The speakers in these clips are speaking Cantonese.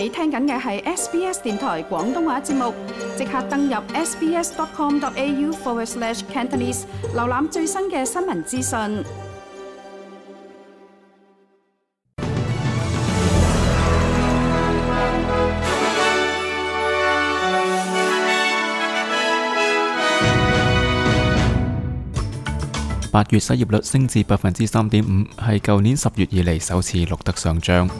你聽緊嘅係 SBS 電台廣東話節目，即刻登入 sbs.com.au/cantonese，瀏覽最新嘅新聞資訊。八月失業率升至百分之三點五，係舊年十月以嚟首次錄得上漲。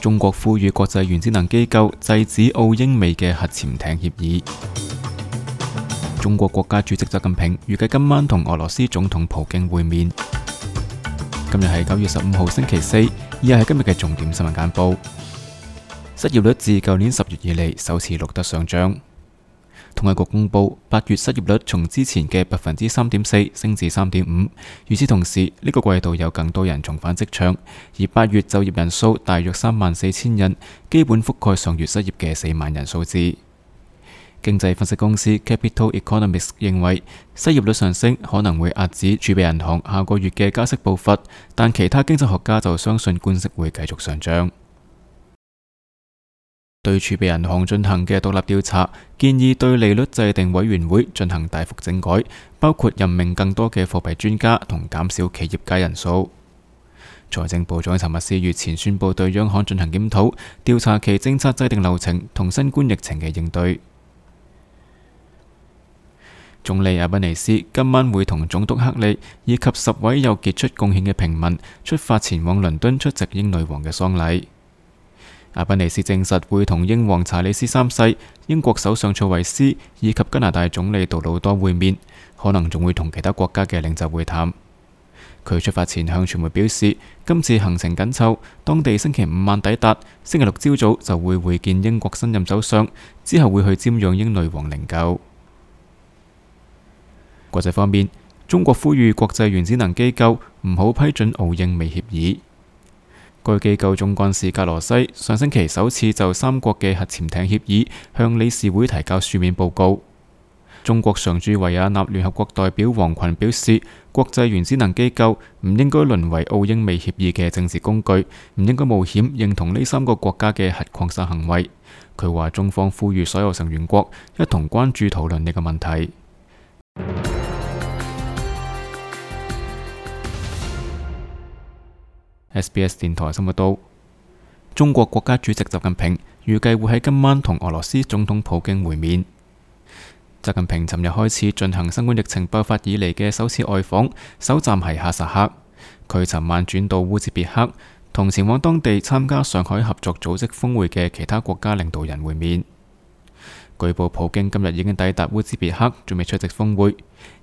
中國呼籲國際原子能機構制止澳英美嘅核潛艇協議。中國國家主席習近平預計今晚同俄羅斯總統普京會面。今日係九月十五號星期四，以下係今日嘅重點新聞簡報。失業率自舊年十月以嚟首次錄得上漲。統計局公布，八月失業率從之前嘅百分之三點四升至三點五。與此同時，呢個季度有更多人重返職場，而八月就業人數大約三萬四千人，基本覆蓋上月失業嘅四萬人數字。經濟分析公司 Capital Economics 認為，失業率上升可能會壓止儲備銀行下個月嘅加息步伐，但其他經濟學家就相信官息會繼續上漲。對儲備銀行進行嘅獨立調查，建議對利率制定委員會進行大幅整改，包括任命更多嘅貨幣專家同減少企業界人數。財政部長尋日四月前宣布對央行進行檢討，調查其政策制定流程同新冠疫情嘅應對。總理阿賓尼斯今晚會同總督克利以及十位有傑出貢獻嘅平民出發前往倫敦出席英女王嘅喪禮。阿布尼斯證實會同英皇查理斯三世、英國首相卓慧思以及加拿大總理杜魯多會面，可能仲會同其他國家嘅領袖會談。佢出發前向傳媒表示，今次行程緊湊，當地星期五晚抵達，星期六朝早就會會見英國新任首相，之後會去瞻仰英女王靈柩。國際方面，中國呼籲國際原子能機構唔好批准《澳英美協議》。該機構總幹事格羅西上星期首次就三國嘅核潛艇協議向理事會提交書面報告。中國常駐維也納聯合國代表王群表示，國際原子能機構唔應該淪為澳英美協議嘅政治工具，唔應該冒險認同呢三個國家嘅核擴散行為。佢話中方呼籲所有成員國一同關注、討論呢個問題。SBS 電台新聞道：中國國家主席習近平預計會喺今晚同俄羅斯總統普京會面。習近平尋日開始進行新冠疫情爆發以嚟嘅首次外訪，首站係哈薩克。佢尋晚轉到烏茲別克，同前往當地參加上海合作組織峰會嘅其他國家領導人會面。據報，普京今日已經抵達烏茲別克，準備出席峰會。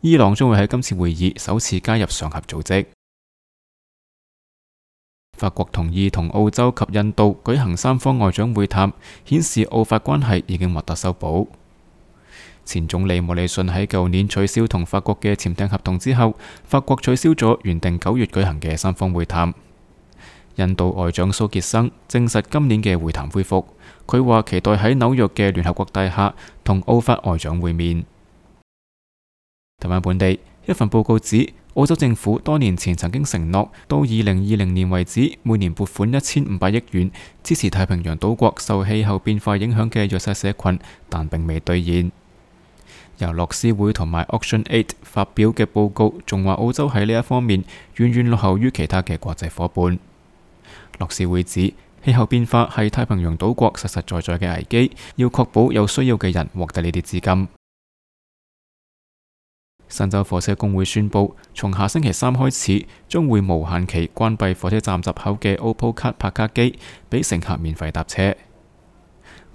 伊朗將會喺今次會議首次加入上合組織。法國同意同澳洲及印度舉行三方外長會談，顯示澳法關係已經獲得修補。前總理莫里遜喺舊年取消同法國嘅潛艇合同之後，法國取消咗原定九月舉行嘅三方會談。印度外長蘇傑生證，證實今年嘅會談恢復，佢話期待喺紐約嘅聯合國大廈同澳法外長會面。同埋本地一份報告指澳洲政府多年前曾經承諾，到二零二零年為止，每年撥款一千五百億元支持太平洋島國受氣候變化影響嘅弱勢社群，但並未兌現。由樂施會同埋 Option Eight 發表嘅報告，仲話澳洲喺呢一方面遠遠落後於其他嘅國際夥伴。樂施會指，氣候變化係太平洋島國實實在在嘅危機，要確保有需要嘅人獲得呢啲資金。新州火車工會宣布，從下星期三開始，將會無限期關閉火車站閘口嘅 Opal 卡拍卡機，俾乘客免費搭車。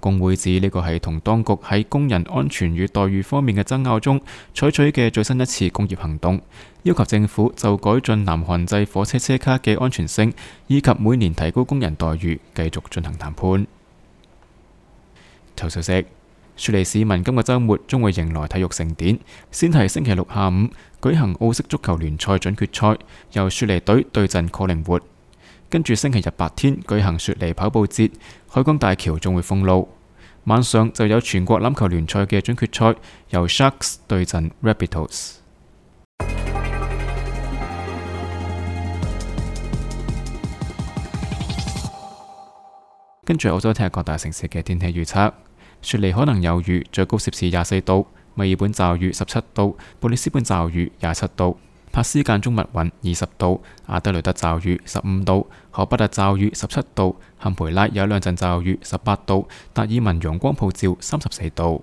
工會指呢個係同當局喺工人安全與待遇方面嘅爭拗中採取嘅最新一次工業行動，要求政府就改進南韓製火車車卡嘅安全性以及每年提高工人待遇，繼續進行談判。頭消息。雪梨市民今個周末將會迎來體育盛典，先係星期六下午舉行澳式足球聯賽準決賽，由雪梨隊對陣哥連活。跟住星期日白天舉行雪梨跑步節，海港大橋仲會封路。晚上就有全國欖球聯賽嘅準決賽，由 Sharks 對陣 Rabbitohs。跟住，我再聽下各大城市嘅天氣預測。雪梨可能有雨，最高攝氏廿四度；墨爾本驟雨十七度；布里斯本驟雨廿七度；帕斯間中密雲二十度；阿德雷德驟雨十五度；荷伯特驟雨十七度；坎培拉有兩陣驟雨十八度；達爾文陽光普照三十四度。